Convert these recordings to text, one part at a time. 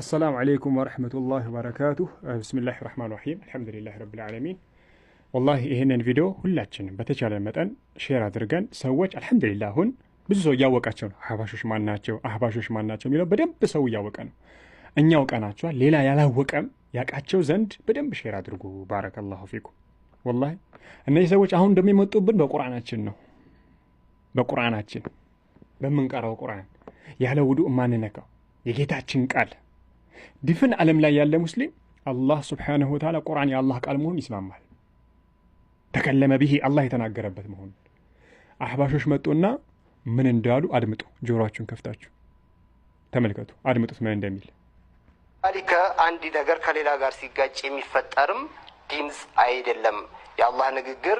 አሰላሙ አለይኩም ወረህመቱላህ ወበረካቱህ። ብስሚላህ ራህማን ራሂም አልሐምዱሊላህ ረብል ዓለሚን። ወላሂ ይህንን ቪዲዮ ሁላችንም በተቻለ መጠን ሼር አድርገን ሰዎች አልሐምዱሊላህ አሁን ብዙ ሰው እያወቃቸው ነው። አህባሾች ማን ናቸው፣ አህባሾች ማን ናቸው የሚለው በደንብ ሰው እያወቀ ነው። እኛ አውቀናቸዋል። ሌላ ያላወቀም ያውቃቸው ዘንድ በደንብ ሼር አድርጉ። ባረከላሁ ፊኩም። ወላሂ እነዚህ ሰዎች አሁን እንደሚመጡብን በቁርአናችን ነው። በቁርአናችን በምንቀራው ቁርአን ያለ ውዱእ ማንነካው የጌታችን ቃል ድፍን ዓለም ላይ ያለ ሙስሊም አላህ ስብሓንሁ ወተዓላ ቁርአን የአላህ ቃል መሆኑ ይስማማል። ተከለመ ብሄ አላህ የተናገረበት መሆኑ አህባሾች መጡና ምን እንዳሉ አድምጡ። ጆሮችሁን ከፍታችሁ ተመልከቱ፣ አድምጡት ምን እንደሚል ሊከ አንድ ነገር ከሌላ ጋር ሲጋጭ የሚፈጠርም ድምፅ አይደለም። የአላህ ንግግር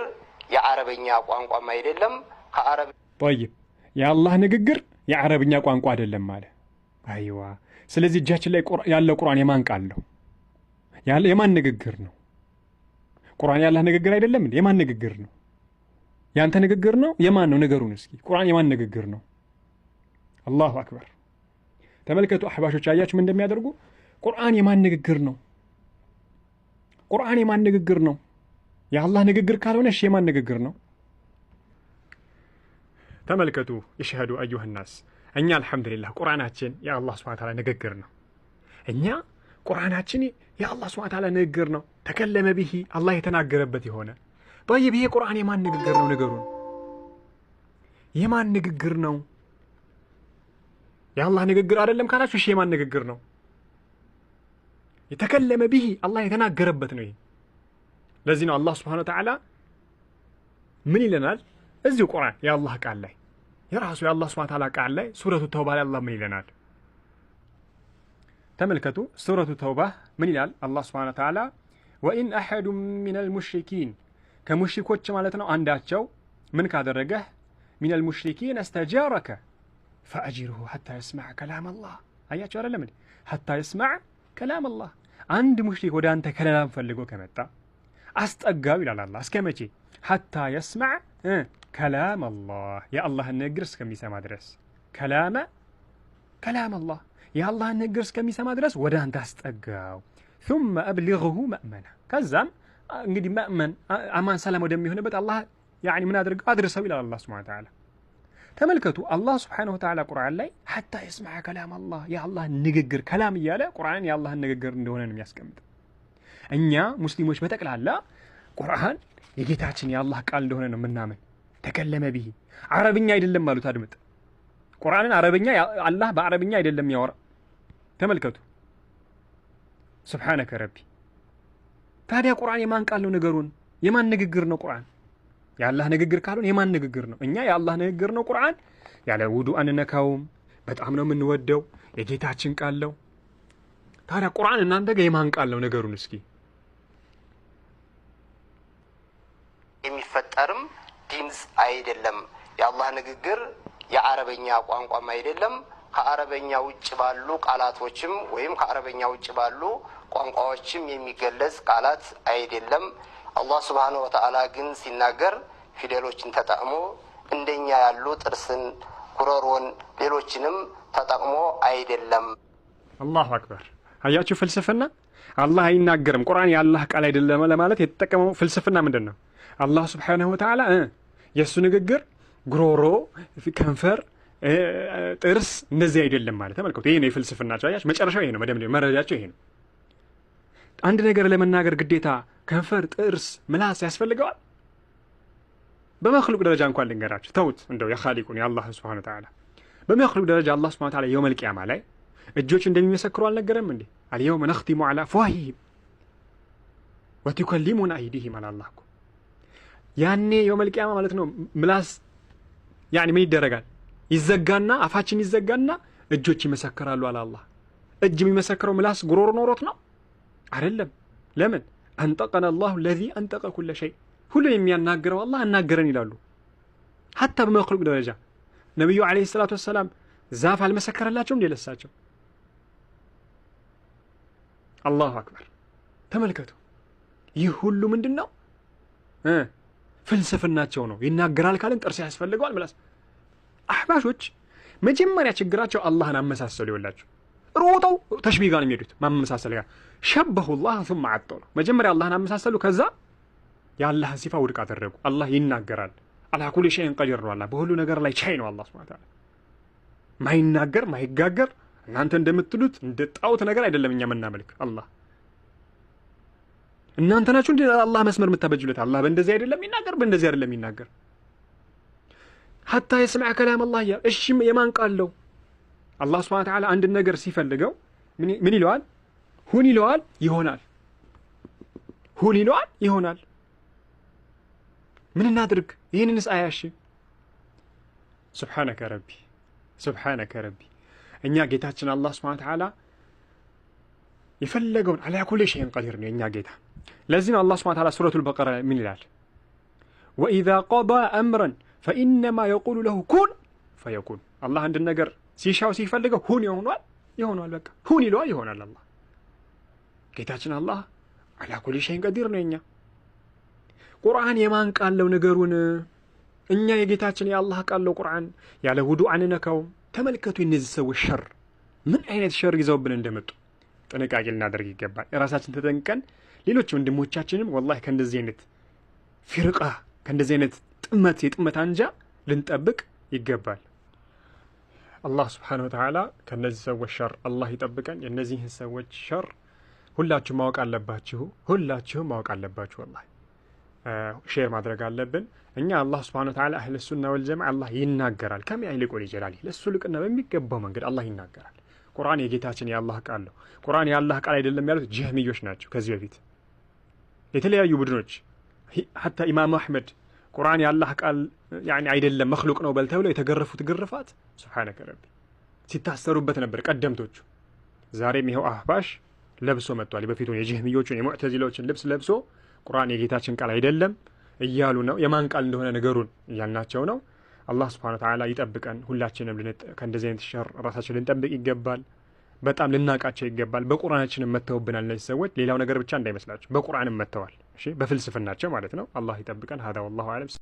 የአረበኛ ቋንቋም አይደለም። ከአረብ ጠይብ የአላህ ንግግር የአረብኛ ቋንቋ አይደለም አለ። አይዋ ስለዚህ እጃችን ላይ ያለው ቁርአን የማን ቃል ነው? የማን ንግግር ነው? ቁርአን ያለህ ንግግር አይደለም እንዴ? የማን ንግግር ነው? ያንተ ንግግር ነው? የማን ነው? ንገሩን እስኪ። ቁርአን የማን ንግግር ነው? አላሁ አክበር። ተመልከቱ አህባሾች፣ አያችሁ ምን እንደሚያደርጉ። ቁርአን የማን ንግግር ነው? ቁርአን የማን ንግግር ነው? የአላህ ንግግር እሺ የማን ንግግር ነው? ተመልከቱ የሸሃዱ አዩህ ናስ እኛ አልሐምዱሊላህ ቁርአናችን የአላህ ስብሐ ተዓላ ንግግር ነው። እኛ ቁርአናችን የአላህ ስብሐ ተዓላ ንግግር ነው። ተከለመ ብሂ አላህ የተናገረበት የሆነ ጠይብ፣ ይሄ ቁርአን የማን ንግግር ነው? ንገሩን፣ የማን ንግግር ነው? የአላህ ንግግር አይደለም ካላችሁ፣ እሺ የማን ንግግር ነው? የተከለመ ብሂ አላህ የተናገረበት ነው። ለዚህ ነው አላህ ስብሐ ተዓላ ምን ይለናል? እዚሁ ቁርአን የአላህ ቃል ላይ የራሱ የአላህ ስብሐ ተዓላ ቃል ላይ ሱረቱ ተውባ ላይ አላህ ምን ይለናል? ተመልከቱ። ሱረቱ ተውባ ምን ይላል? አላህ ስብሐ ተዓላ ወኢን አሐዱ ሚነል ሙሽሪኪን ከሙሽሪኮች ማለት ነው አንዳቸው ምን ካደረገህ ሚነል ሙሽሪኪን አስተጃረከ ፈአጅርሁ ሐታ የስማዕ ከላም አላህ። አያቸው አይደለም ሐታ የስማዕ ከላም አላህ። አንድ ሙሽሪክ ወደ አንተ ከለላም ፈልጎ ከመጣ አስጠጋው ይላል አላህ። እስከ መቼ? ሐታ የስማዕ ከላም አላህ የአላህን ንግግር እስከሚሰማ ድረስ ከላመ ከላም አላህ የአላህን ንግግር እስከሚሰማ ድረስ ወደ አንተ አስጠጋው። ثم أبلغه መእመና ከዛም እንግዲህ መእመን አማን ሰላም ወደሚሆንበት አላህ ያኒ ምን አድርገው አድርሰው ይላል አላህ ሱብሓነሁ ወተዓላ። ተመልከቱ አላህ ሱብሓነሁ ወተዓላ ቁርአን ላይ ሐታ የስማ ከላም አላህ የአላህን ንግግር ከላም እያለ ቁርአን የአላህን ንግግር እንደሆነ ነው የሚያስቀምጥ። እኛ ሙስሊሞች በጠቅላላ ቁርአን የጌታችን የአላህ ቃል እንደሆነ ነው የምናምን። ተከለመ ብሂ አረብኛ አይደለም አሉት። አድምጥ ቁርአንን አረብኛ አላህ በአረብኛ አይደለም ያወራ። ተመልከቱ። ስብሓነከ ረቢ። ታዲያ ቁርአን የማን ቃል ነው? ነገሩን የማን ንግግር ነው? ቁርአን የአላህ ንግግር ካልሆን የማን ንግግር ነው? እኛ የአላህ ንግግር ነው ቁርአን። ያለ ውዱ አንነካውም። በጣም ነው የምንወደው። የጌታችን ቃል ነው። ታዲያ ቁርአን እናንተ ጋር የማን ቃል ነው? ነገሩን እስኪ አይደለም። የአላህ ንግግር የአረበኛ ቋንቋም አይደለም። ከአረበኛ ውጭ ባሉ ቃላቶችም ወይም ከአረበኛ ውጭ ባሉ ቋንቋዎችም የሚገለጽ ቃላት አይደለም። አላህ ስብሓን ወተዓላ ግን ሲናገር ፊደሎችን ተጠቅሞ እንደኛ ያሉ ጥርስን፣ ጉረሮን፣ ሌሎችንም ተጠቅሞ አይደለም። አላሁ አክበር። አያችሁ ፍልስፍና አላህ አይናገርም ቁርአን የአላህ ቃል አይደለም ለማለት የተጠቀመው ፍልስፍና ምንድን ነው? አላህ ስብሓነሁ ወተዓላ የእሱ ንግግር ጉሮሮ፣ ከንፈር፣ ጥርስ እንደዚህ አይደለም ማለት ተመልከቱ። ይሄ ነው የፍልስፍና አያችሁ መጨረሻው ይሄ ነው። መደምደ መረጃቸው ይሄ ነው። አንድ ነገር ለመናገር ግዴታ ከንፈር፣ ጥርስ፣ ምላስ ያስፈልገዋል? በመክሉቅ ደረጃ እንኳን ልንገራቸው ተውት እንደው የካሊቁን የአላህ ስብሐነ ተዓላ በመክሉቅ ደረጃ አላህ ስብሐነ ተዓላ የውመል ቂያማ ላይ እጆች እንደሚመሰክሩ አልነገረም እንዴ? አልየውመ ነክቲሙ ዐላ ፏሂህም ወቱከሊሙና አይዲህም አለ እኮ ያኔ የመልቅያማ ማለት ነው ምላስ ያኔ ምን ይደረጋል? ይዘጋና አፋችን ይዘጋና እጆች ይመሰክራሉ አለ አላህ። እጅ የሚመሰክረው ምላስ ጉሮሮ ኖሮት ነው አይደለም። ለምን አንጠቀን አላሁ ለዚ አንጠቀ ኩለ ሸይ፣ ሁሉን የሚያናግረው አላህ አናገረን ይላሉ። ሀታ በመክሉቅ ደረጃ ነቢዩ ዓለይሂ ሰላት ወሰላም ዛፍ አልመሰከረላቸው እንዴ ለሳቸው። አላሁ አክበር ተመልከቱ። ይህ ሁሉ ምንድን ነው? ፍልስፍናቸው ነው። ይናገራል ካልን ጥርስ ያስፈልገዋል ምላስ። አህባሾች መጀመሪያ ችግራቸው አላህን አመሳሰሉ። ይወላቸው ሮጠው ተሽቢህ ጋር የሚሄዱት። ማመሳሰል ጋር ሸበሁላህ ሱመ አጠው ነው። መጀመሪያ አላህን አመሳሰሉ፣ ከዛ የአላህን ሲፋ ውድቅ አደረጉ። አላህ ይናገራል። አላ ኩሊ ሸይን ቀዲር ነው። አላ በሁሉ ነገር ላይ ቻይ ነው። አላ ስብን ታላ ማይናገር ማይጋገር፣ እናንተ እንደምትሉት እንደ ጣውት ነገር አይደለም እኛ የምናመልክ አላህ እናንተ ናችሁ እንደ አላህ መስመር የምታበጅለት። አላህ በእንደዚህ አይደለም ይናገር፣ በእንደዚህ አይደለም ይናገር። ሀታ የስምዕ ከላም አላህ እያል እሺ፣ የማን ቃለው? አላህ ስብሐነ ወተዓላ አንድን ነገር ሲፈልገው ምን ይለዋል? ሁን ይለዋል፣ ይሆናል። ሁን ይለዋል፣ ይሆናል። ምን እናድርግ? ይህንንስ አያሽ ስብሓነከ ረቢ ስብሓነከ ረቢ። እኛ ጌታችን አላህ ስብሐነ ወተዓላ የፈለገውን አላ ኩሊ ሸይን ቀዲር ነው የእኛ ጌታ። ለዚህ ነው አላህ ስብሐነ ተዓላ ሱረቱል በቀራ ምን ይላል? ወኢዛ ቀዳ አምረን ፈኢነማ የቁሉ ለሁ ኩን ፈየኩን። አላህ አንድን ነገር ሲሻው ሲፈልገው ሁን ይሆኗል ይሆኗል፣ በቃ ሁን ይለዋል ይሆናል። አላህ ጌታችን አላህ አላ ኩሊ ሸይን ቀዲር ነው። የኛ ቁርአን የማን ቃል ነገሩን እኛ የጌታችን የአላህ ቃል ነው ቁርአን። ያለ ውዱእ አንነካውም። ተመልከቱ የነዚህ ሰዎች ሸር ምን አይነት ሸር ይዘውብን እንደመጡ ጥንቃቄ ልናደርግ ይገባል። የራሳችን ተጠንቀን ሌሎች ወንድሞቻችንም ወላ ከእንደዚህ አይነት ፊርቃ ከእንደዚህ አይነት ጥመት የጥመት አንጃ ልንጠብቅ ይገባል። አላህ ስብሓነሁ ወተዓላ ከእነዚህ ሰዎች ሸር አላህ ይጠብቀን። የእነዚህን ሰዎች ሸር ሁላችሁ ማወቅ አለባችሁ። ሁላችሁም ማወቅ አለባችሁ። ወላ ሼር ማድረግ አለብን። እኛ አላህ ስብሓነሁ ወተዓላ አህለ ሱና አላ አላህ ይናገራል። ከሚያይልቁን ይችላል። ለሱ ልቅና በሚገባው መንገድ አላህ ይናገራል። ቁርአን የጌታችን የአላህ ቃል ነው። ቁርአን የአላህ ቃል አይደለም ያሉት ጀህሚዮች ናቸው። ከዚህ በፊት የተለያዩ ቡድኖች ሐታ ኢማም አሕመድ ቁርአን የአላህ ቃል አይደለም መክሉቅ ነው በል ተብለው የተገረፉት ግርፋት ስብሓነከ ረቢ ሲታሰሩበት ነበር ቀደምቶቹ። ዛሬም ይኸው አህባሽ ለብሶ መጥቷል። በፊቱን የጀህሚዮቹን የሙዕተዚላዎችን ልብስ ለብሶ ቁርአን የጌታችን ቃል አይደለም እያሉ ነው። የማን ቃል እንደሆነ ነገሩን እያልናቸው ነው። አላህ ስብሐነ ወተዓላ ይጠብቀን። ሁላችንም ከእንደዚህ አይነት ሸር ራሳችን ልንጠብቅ ይገባል። በጣም ልናቃቸው ይገባል። በቁርአናችንም መተውብናል እነዚህ ሰዎች። ሌላው ነገር ብቻ እንዳይመስላቸው በቁርአንም መተዋል። በፍልስፍናቸው ማለት ነው። አላህ ይጠብቀን። ሀዳ ወላሁ አለም።